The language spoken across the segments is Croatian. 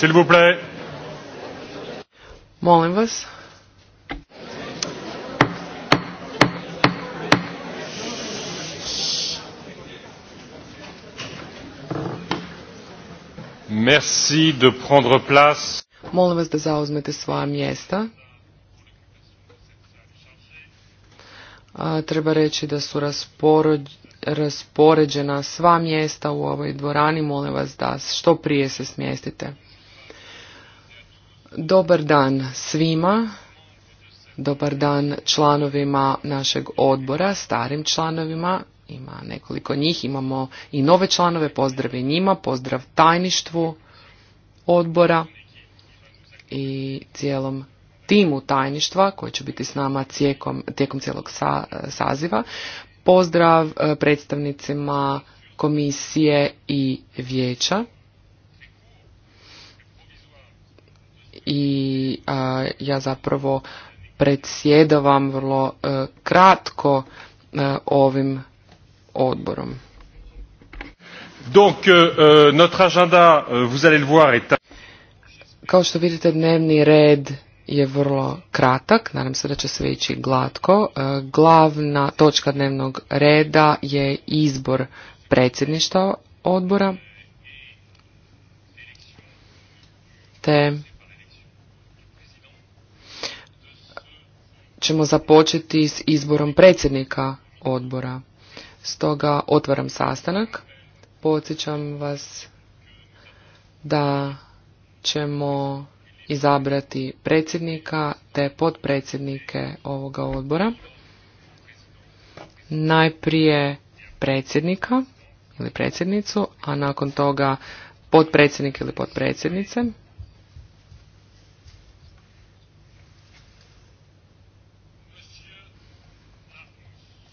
S'il vous plaît. Molim vas. Merci de prendre place. Molim vas da zauzmete svoja mjesta. treba reći da su raspoređena sva mjesta u ovoj dvorani. Molim vas da što prije se smjestite. Dobar dan svima. Dobar dan članovima našeg odbora, starim članovima. Ima nekoliko njih, imamo i nove članove, pozdrav i njima, pozdrav tajništvu odbora i cijelom timu tajništva koji će biti s nama tijekom, cijelog saziva. Pozdrav e, predstavnicima komisije i vijeća. i a, ja zapravo predsjedavam vrlo e, kratko e, ovim odborom. Donc euh, notre agenda vous allez le voir est Kao što vidite dnevni red je vrlo kratak, nadam se da će sve ići glatko. Glavna točka dnevnog reda je izbor predsjedništva odbora te ćemo započeti s izborom predsjednika odbora. Stoga otvaram sastanak. Podsjećam vas da ćemo izabrati predsjednika te podpredsjednike ovoga odbora. Najprije predsjednika ili predsjednicu, a nakon toga podpredsjednik ili podpredsjednice.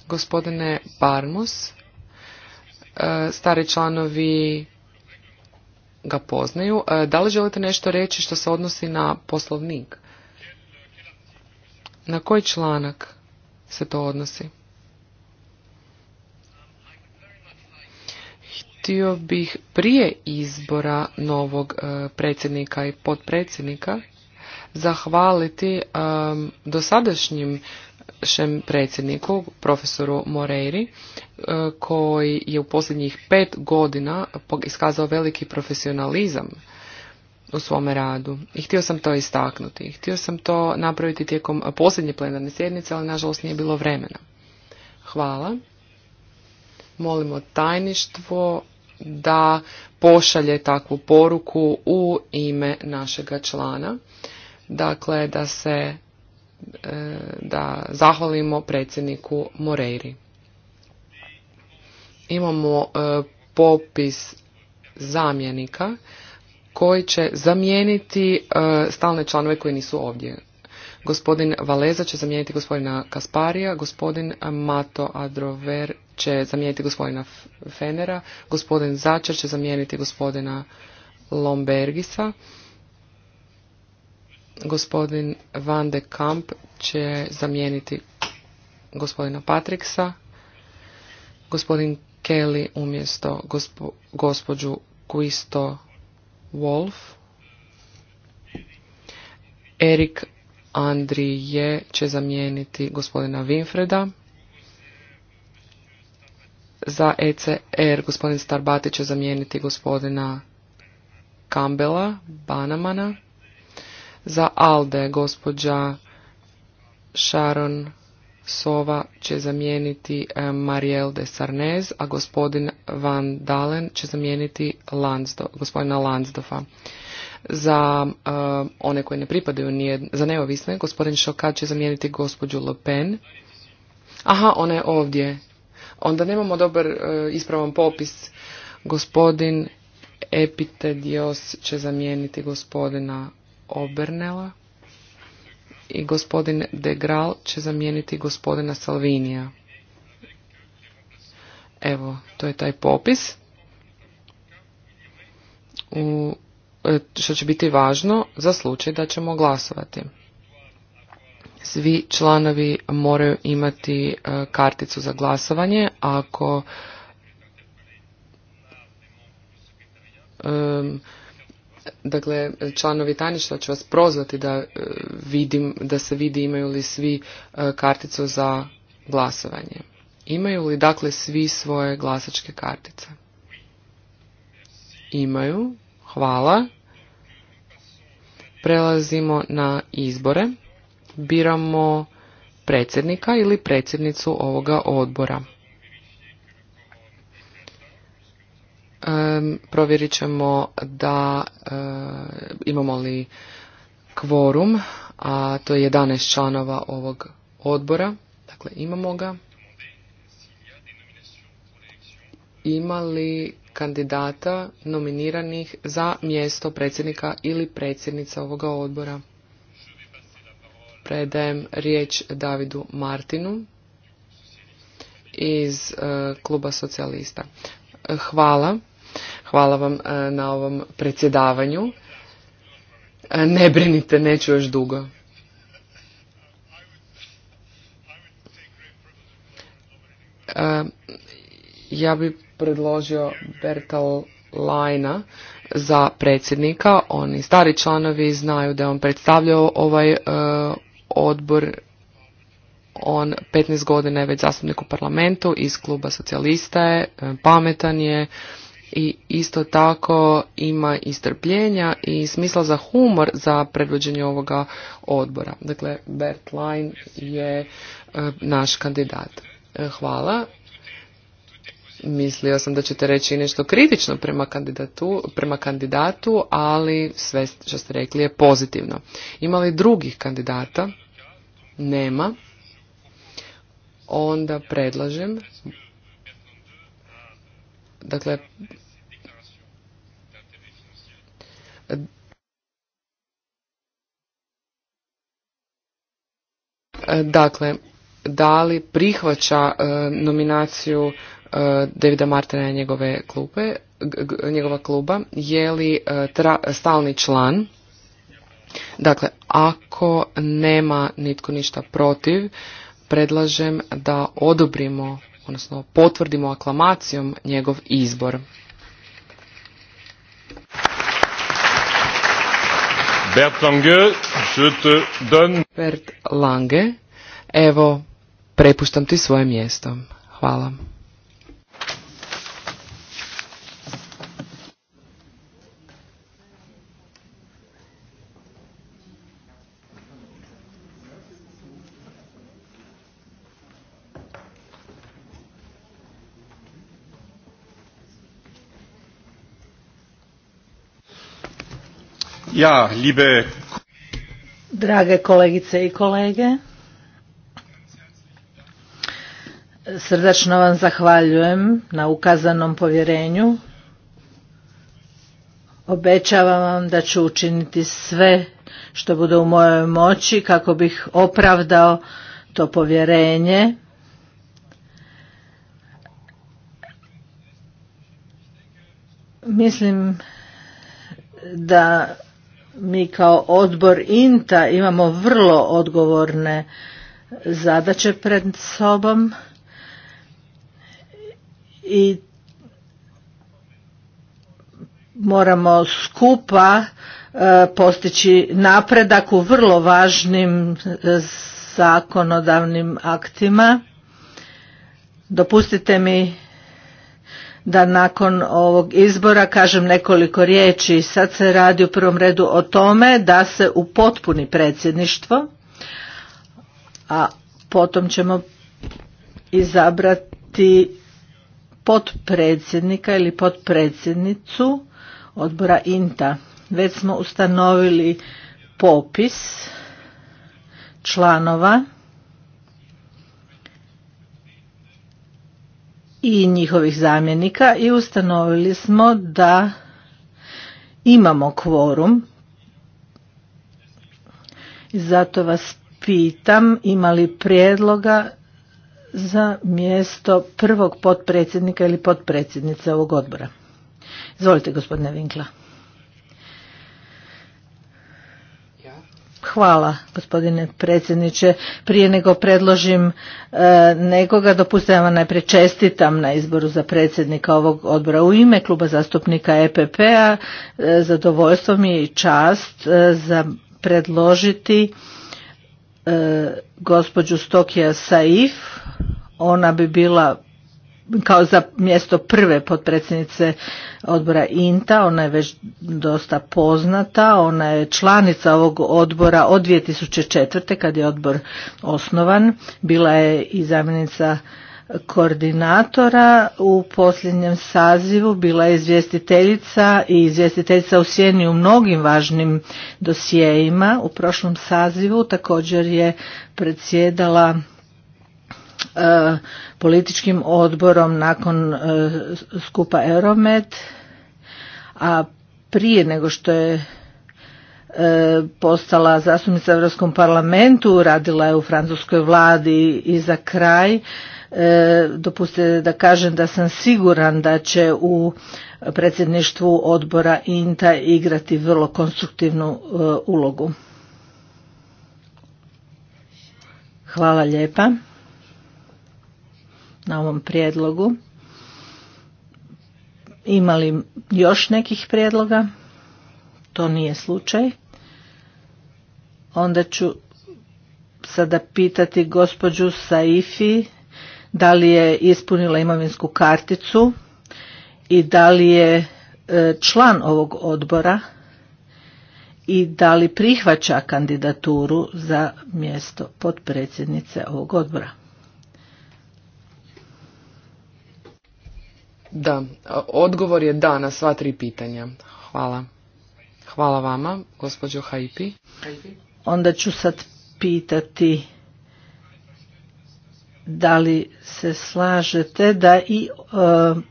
Gospodine Parmos, e, stari članovi ga poznaju. E, da li želite nešto reći što se odnosi na poslovnik? Na koji članak se to odnosi? Htio bih prije izbora novog e, predsjednika i potpredsjednika zahvaliti dosadašnjim našem predsjedniku, profesoru Moreiri, e, koji je u posljednjih pet godina iskazao veliki profesionalizam u svome radu. I htio sam to istaknuti. Htio sam to napraviti tijekom posljednje plenarne sjednice, ali nažalost nije bilo vremena. Hvala. Molimo tajništvo da pošalje takvu poruku u ime našega člana. Dakle, da se E, da zahvalimo predsjedniku Moreiri. Imamo e, popis zamjenika koji će zamijeniti e, stalne članove koji nisu ovdje. Gospodin Valeza će zamijeniti gospodina Kasparija, gospodin Mato Adrover će zamijeniti gospodina Fenera, gospodin Začer će zamijeniti gospodina Lombergisa, Gospodin Van de Kamp će zamijeniti gospodina Patriksa, gospodin Kelly umjesto gospo, gospođu Quisto Wolf, Erik Andrije će zamijeniti gospodina Winfreda, za ECR gospodin Starbati će zamijeniti gospodina Campbella, Banamana, za ALDE gospođa Sharon Sova će zamijeniti eh, Marielle de Sarnez, a gospodin Van Dalen će zamijeniti Lansdo, gospodina Lansdofa. Za eh, one koje ne pripadaju nije, za neovisne, gospodin Šokat će zamijeniti gospođu Le Pen. Aha, ona je ovdje. Onda nemamo dobar uh, ispravan popis. Gospodin Epitedios će zamijeniti gospodina Obernela i gospodin De Graal će zamijeniti gospodina Salvinija. Evo, to je taj popis. U, e, što će biti važno za slučaj da ćemo glasovati. Svi članovi moraju imati e, karticu za glasovanje, ako um, Dakle, članovi tajništva će vas prozvati da, e, vidim, da se vidi imaju li svi e, karticu za glasovanje. Imaju li dakle svi svoje glasačke kartice? Imaju. Hvala. Prelazimo na izbore. Biramo predsjednika ili predsjednicu ovoga odbora. provjerit ćemo da eh, imamo li kvorum, a to je 11 članova ovog odbora. Dakle, imamo ga. Ima li kandidata nominiranih za mjesto predsjednika ili predsjednica ovoga odbora? Predajem riječ Davidu Martinu iz eh, kluba socijalista. Hvala. Hvala vam e, na ovom predsjedavanju. E, ne brinite, neću još dugo. E, ja bih predložio Bertal Lajna za predsjednika. Oni stari članovi znaju da je on predstavljao ovaj odbor on 15 godina je već zastupnik u parlamentu iz kluba socijalista je, pametan je, i isto tako ima i strpljenja i smisla za humor za predvođenje ovoga odbora. Dakle, Bert Line je e, naš kandidat. E, hvala. Mislio sam da ćete reći nešto kritično prema kandidatu, prema kandidatu, ali sve što ste rekli je pozitivno. Ima li drugih kandidata? Nema. Onda predlažem Dakle, dakle, da li prihvaća e, nominaciju e, Davida Martina i njegove klupe, njegova kluba, je li e, stalni član? Dakle, ako nema nitko ništa protiv, predlažem da odobrimo odnosno potvrdimo aklamacijom njegov izbor. Bert Lange, je te don... Bert Lange, evo, prepuštam ti svoje mjesto. Hvala. Ja, liebe... Drage kolegice i kolege, srdačno vam zahvaljujem na ukazanom povjerenju. Obećavam vam da ću učiniti sve što bude u mojoj moći kako bih opravdao to povjerenje. Mislim da mi kao odbor INTA imamo vrlo odgovorne zadaće pred sobom i moramo skupa e, postići napredak u vrlo važnim e, zakonodavnim aktima. Dopustite mi da nakon ovog izbora kažem nekoliko riječi. Sad se radi u prvom redu o tome da se upotpuni predsjedništvo, a potom ćemo izabrati potpredsjednika ili potpredsjednicu odbora INTA. Već smo ustanovili popis članova i njihovih zamjenika i ustanovili smo da imamo kvorum. Zato vas pitam ima li prijedloga za mjesto prvog potpredsjednika ili potpredsjednice ovog odbora. Izvolite gospodine Vinkla. Hvala gospodine predsjedniče. Prije nego predložim e, nekoga, dopustite vam najprije čestitam na izboru za predsjednika ovog odbora u ime kluba zastupnika EPP-a. E, zadovoljstvo mi je i čast e, za predložiti gospođu Stokija Saif. Ona bi bila kao za mjesto prve potpredsjednice odbora INTA, ona je već dosta poznata, ona je članica ovog odbora od 2004. kad je odbor osnovan, bila je i zamjenica koordinatora u posljednjem sazivu bila je izvjestiteljica i izvjestiteljica u sjeni u mnogim važnim dosjejima u prošlom sazivu također je predsjedala E, političkim odborom nakon e, skupa Euromed, a prije nego što je e, postala zastupnica u Europskom parlamentu, radila je u francuskoj vladi i za kraj. Dopustite da kažem da sam siguran da će u predsjedništvu odbora INTA igrati vrlo konstruktivnu ulogu. Hvala lijepa na ovom prijedlogu. Ima li još nekih prijedloga? To nije slučaj. Onda ću sada pitati gospođu Saifi da li je ispunila imovinsku karticu i da li je e, član ovog odbora i da li prihvaća kandidaturu za mjesto potpredsjednice ovog odbora. Da, odgovor je da na sva tri pitanja. Hvala. Hvala vama, gospođo Hajpi. Onda ću sad pitati da li se slažete da i e,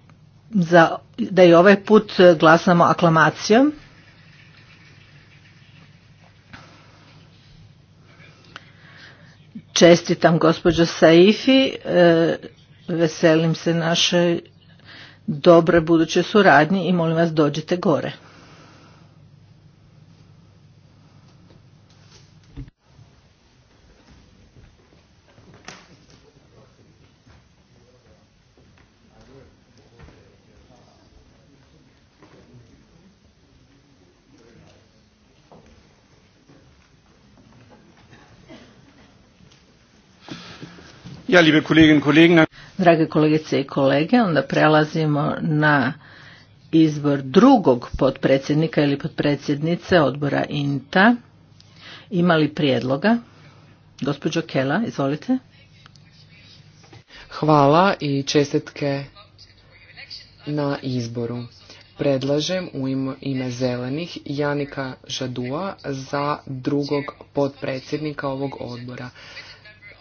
za, da i ovaj put glasamo aklamacijom. Čestitam gospođo Saifi, e, veselim se našoj dobre buduće suradnje i molim vas dođite gore. Ja, liebe Kolleginnen und Kollegen, Drage kolegice i kolege, onda prelazimo na izbor drugog potpredsjednika ili potpredsjednice odbora INTA. Ima li prijedloga? Gospođo Kela, izvolite. Hvala i čestitke na izboru. Predlažem u ime zelenih Janika Žadua za drugog potpredsjednika ovog odbora.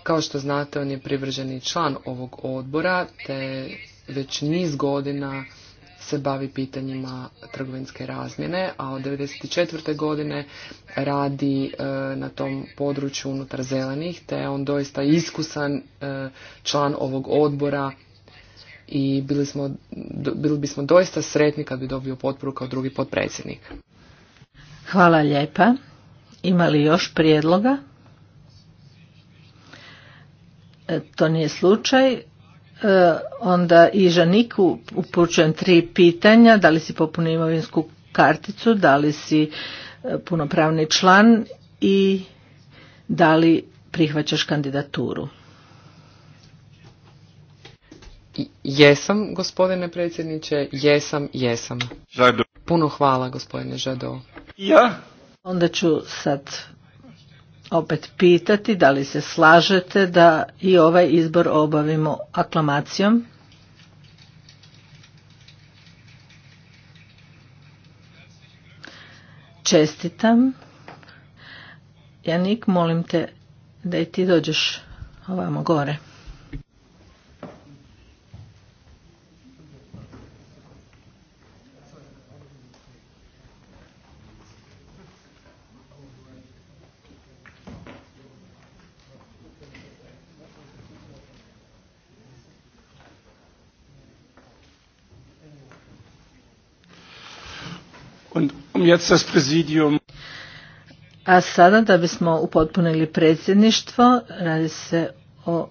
Kao što znate, on je privrženi član ovog odbora, te već niz godina se bavi pitanjima trgovinske razmjene, a od 1994. godine radi e, na tom području unutar zelenih, te je on doista iskusan e, član ovog odbora i bili, smo, bili bismo doista sretni kad bi dobio potporu kao drugi potpredsjednik. Hvala lijepa. Ima li još prijedloga? E, to nije slučaj. E, onda i Žaniku upućujem tri pitanja. Da li si popunio imovinsku karticu, da li si e, punopravni član i da li prihvaćaš kandidaturu? Jesam, gospodine predsjedniče, jesam, jesam. Puno hvala, gospodine Žado. Ja? Onda ću sad opet pitati da li se slažete da i ovaj izbor obavimo aklamacijom. Čestitam. Janik, molim te da i ti dođeš ovamo gore. A sada da bismo upotpunili predsjedništvo, radi se o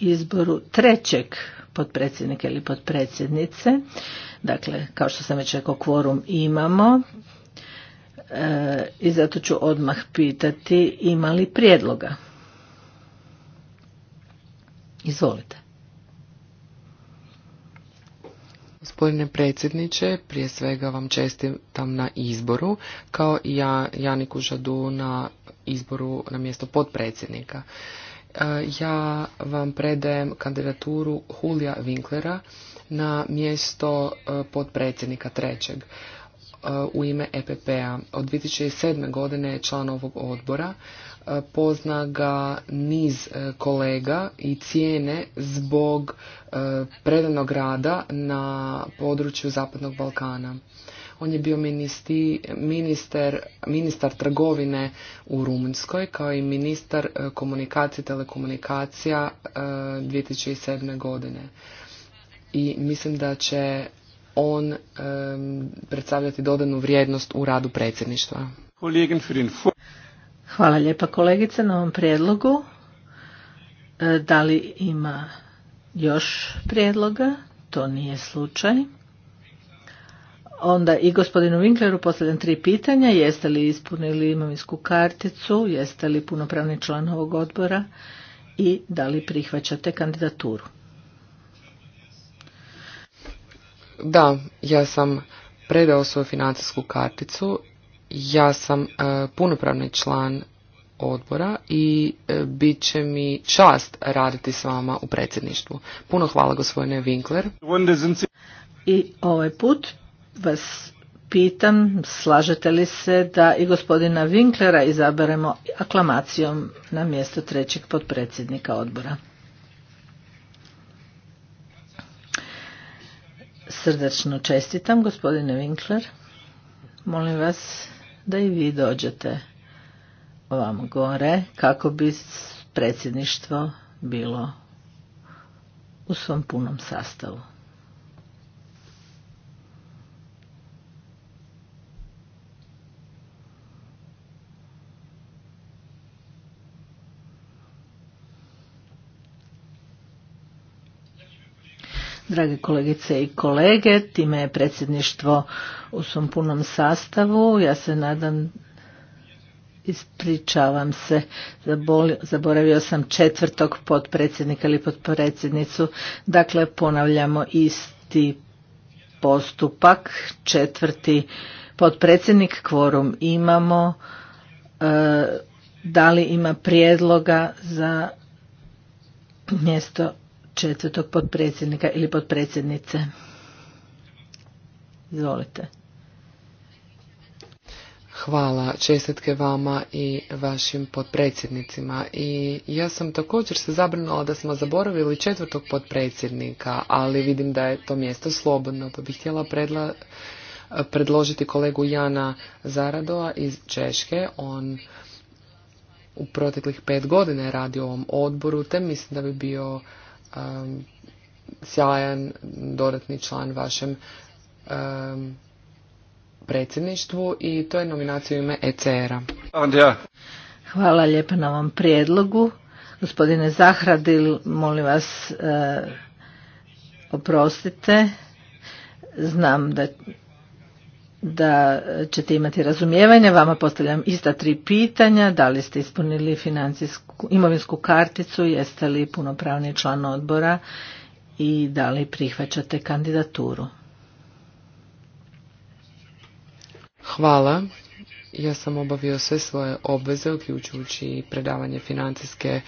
izboru trećeg potpredsjednika ili potpredsjednice. Dakle, kao što sam već rekao, kvorum imamo. E, I zato ću odmah pitati ima li prijedloga. Izvolite. Gospodine predsjedniče, prije svega vam čestitam na izboru, kao i ja, Janiku Žadu na izboru na mjesto podpredsjednika. E, ja vam predajem kandidaturu Hulja Winklera na mjesto e, podpredsjednika trećeg. E, u ime EPP-a. Od 2007. godine je član ovog odbora, e, pozna ga niz e, kolega i cijene zbog predanog rada na području Zapadnog Balkana. On je bio ministi, minister, ministar trgovine u Rumunjskoj kao i ministar komunikacije i telekomunikacija 2007. godine. I mislim da će on predstavljati dodanu vrijednost u radu predsjedništva. Hvala lijepa kolegice na ovom prijedlogu. E, da li ima još prijedloga? To nije slučaj. Onda i gospodinu Winkleru postavljam tri pitanja. Jeste li ispunili imovinsku karticu? Jeste li punopravni član ovog odbora? I da li prihvaćate kandidaturu? Da, ja sam predao svoju financijsku karticu, ja sam e, punopravni član odbora i e, bit će mi čast raditi s vama u predsjedništvu. Puno hvala gospodine Winkler. I ovaj put vas pitam, slažete li se da i gospodina Winklera izaberemo aklamacijom na mjesto trećeg potpredsjednika odbora? srdačno čestitam, gospodine Winkler. Molim vas da i vi dođete ovamo gore kako bi predsjedništvo bilo u svom punom sastavu. Drage kolegice i kolege, time je predsjedništvo u svom punom sastavu. Ja se nadam, ispričavam se, zaboravio sam četvrtog potpredsjednika ili potpredsjednicu. Dakle, ponavljamo isti postupak. Četvrti potpredsjednik, kvorum imamo. E, da li ima prijedloga za mjesto četvrtog potpredsjednika ili potpredsjednice. Izvolite. Hvala, čestitke vama i vašim potpredsjednicima. I ja sam također se zabrinula da smo zaboravili četvrtog potpredsjednika, ali vidim da je to mjesto slobodno, pa bih htjela predla, predložiti kolegu Jana Zaradova iz Češke. On u proteklih pet godina je radio u ovom odboru, te mislim da bi bio um, sjajan dodatni član vašem um, predsjedništvu i to je nominacija u ime ECR-a. Hvala lijepa na ovom prijedlogu. Gospodine Zahradil, molim vas, e, oprostite, znam da da ćete imati razumijevanje. Vama postavljam ista tri pitanja. Da li ste ispunili financijsku, imovinsku karticu, jeste li punopravni član odbora i da li prihvaćate kandidaturu? Hvala. Ja sam obavio sve svoje obveze, uključujući predavanje financijske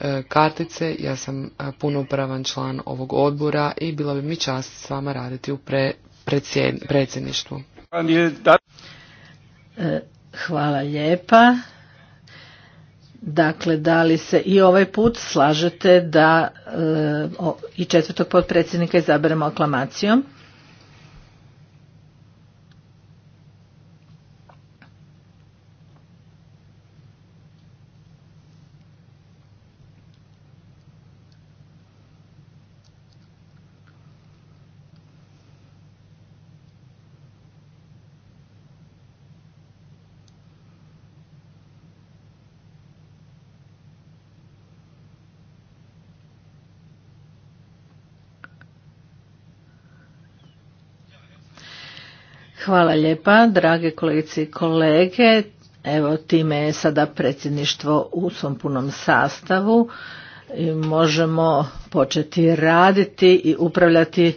e, kartice. Ja sam e, punopravan član ovog odbora i bilo bi mi čast s vama raditi u predsjedništvu. E, hvala lijepa. Dakle, da li se i ovaj put slažete da e, i četvrtog potpredsjednika izaberemo aklamacijom? Hvala lijepa, drage kolegice i kolege. Evo time je sada predsjedništvo u svom punom sastavu i možemo početi raditi i upravljati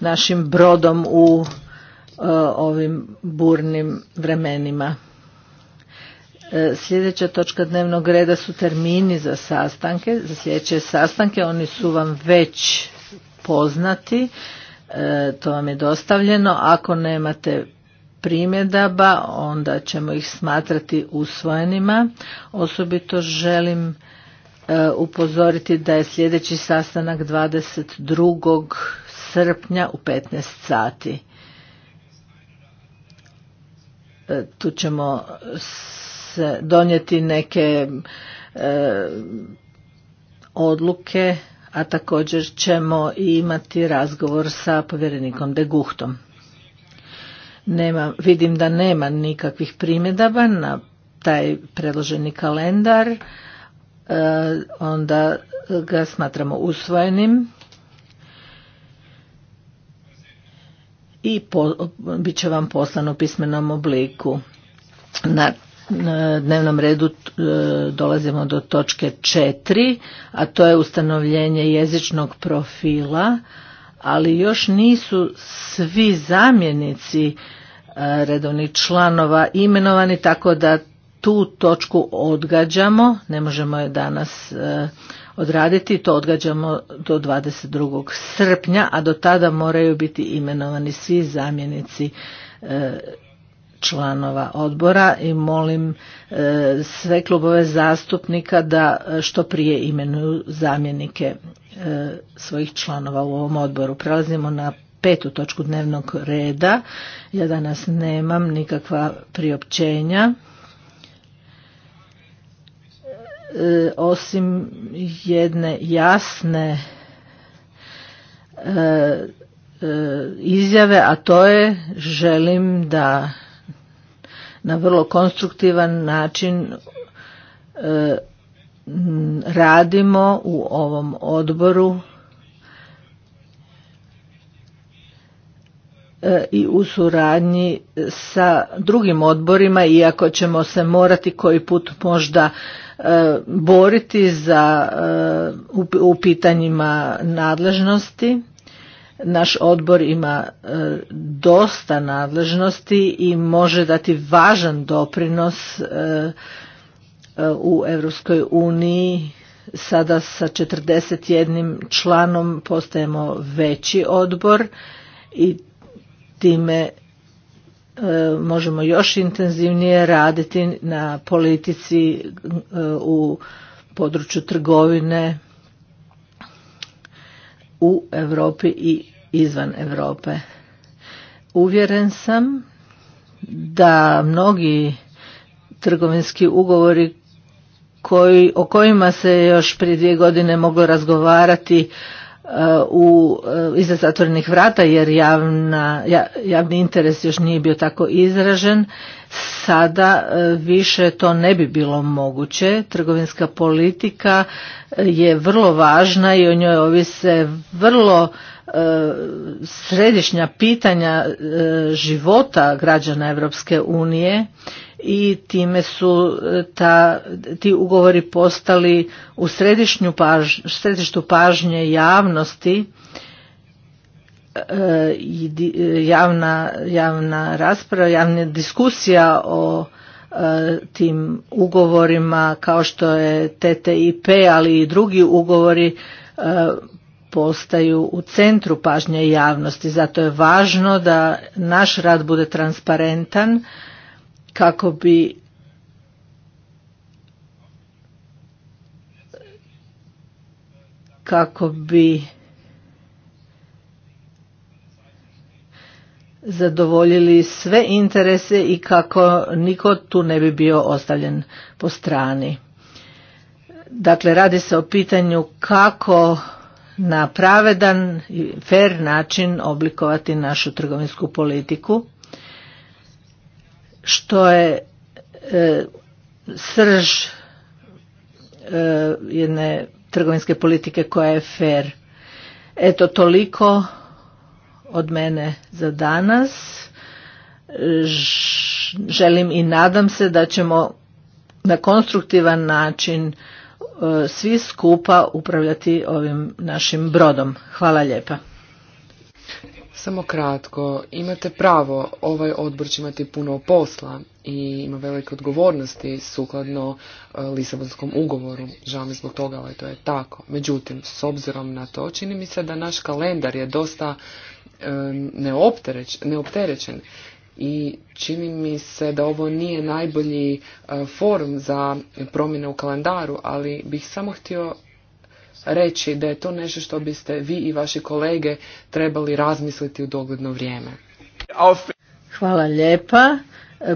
našim brodom u e, ovim burnim vremenima. E, sljedeća točka dnevnog reda su termini za sastanke, za sljedeće sastanke, oni su vam već poznati. E, to vam je dostavljeno. Ako nemate primjedaba, onda ćemo ih smatrati usvojenima. Osobito želim e, upozoriti da je sljedeći sastanak 22. srpnja u 15 sati. E, tu ćemo donijeti neke odluke a također ćemo imati razgovor sa povjerenikom de Nema, vidim da nema nikakvih primjedaba na taj predloženi kalendar, e, onda ga smatramo usvojenim. i po, bit će vam poslan u pismenom obliku. Na na dnevnom redu e, dolazimo do točke četiri, a to je ustanovljenje jezičnog profila, ali još nisu svi zamjenici e, redovnih članova imenovani, tako da tu točku odgađamo, ne možemo je danas e, odraditi, to odgađamo do 22. srpnja, a do tada moraju biti imenovani svi zamjenici članova odbora i molim e, sve klubove zastupnika da što prije imenuju zamjenike e, svojih članova u ovom odboru. Prelazimo na petu točku dnevnog reda. Ja danas nemam nikakva priopćenja. E, osim jedne jasne izjave, a to je želim da na vrlo konstruktivan način e, radimo u ovom odboru e, i u suradnji sa drugim odborima, iako ćemo se morati koji put možda e, boriti za, u pitanjima nadležnosti naš odbor ima e, dosta nadležnosti i može dati važan doprinos e, e, u Europskoj uniji sada sa 41 članom postajemo veći odbor i time možemo još intenzivnije raditi na politici u području trgovine u Europi i izvan Europe. Uvjeren sam da mnogi trgovinski ugovori koji, o kojima se još prije dvije godine moglo razgovarati u, e, iza zatvorenih vrata jer javna, javni interes još nije bio tako izražen. Sada e, više to ne bi bilo moguće. Trgovinska politika e, je vrlo važna i o njoj ovise vrlo središnja pitanja života građana Europske unije i time su e, ta, ti ugovori postali u središtu pažnje javnosti e, i e, javna, javna rasprava, javna diskusija o tim ugovorima kao što je TTIP, ali i drugi ugovori postaju u centru pažnje javnosti. Zato je važno da naš rad bude transparentan kako bi kako bi zadovoljili sve interese i kako niko tu ne bi bio ostavljen po strani. Dakle, radi se o pitanju kako na pravedan i fer način oblikovati našu trgovinsku politiku što je e, srž e, jedne trgovinske politike koja je fer. Eto toliko od mene za danas. Želim i nadam se da ćemo na konstruktivan način e, svi skupa upravljati ovim našim brodom. Hvala lijepa. Samo kratko, imate pravo, ovaj odbor će imati puno posla i ima velike odgovornosti sukladno e, Lisabonskom ugovoru. Žao mi zbog toga, ali to je tako. Međutim, s obzirom na to, čini mi se da naš kalendar je dosta e, neopterećen i čini mi se da ovo nije najbolji e, forum za promjene u kalendaru, ali bih samo htio reći da je to nešto što biste vi i vaši kolege trebali razmisliti u dogledno vrijeme. Hvala lijepa.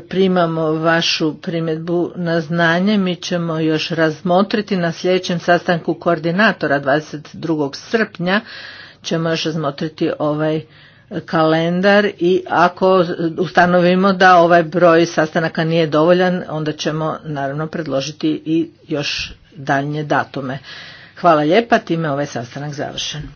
Primamo vašu primjedbu na znanje. Mi ćemo još razmotriti na sljedećem sastanku koordinatora 22. srpnja. Ćemo još razmotriti ovaj kalendar i ako ustanovimo da ovaj broj sastanaka nije dovoljan, onda ćemo naravno predložiti i još daljnje datume. Hvala lijepa, time ovaj sastanak završen.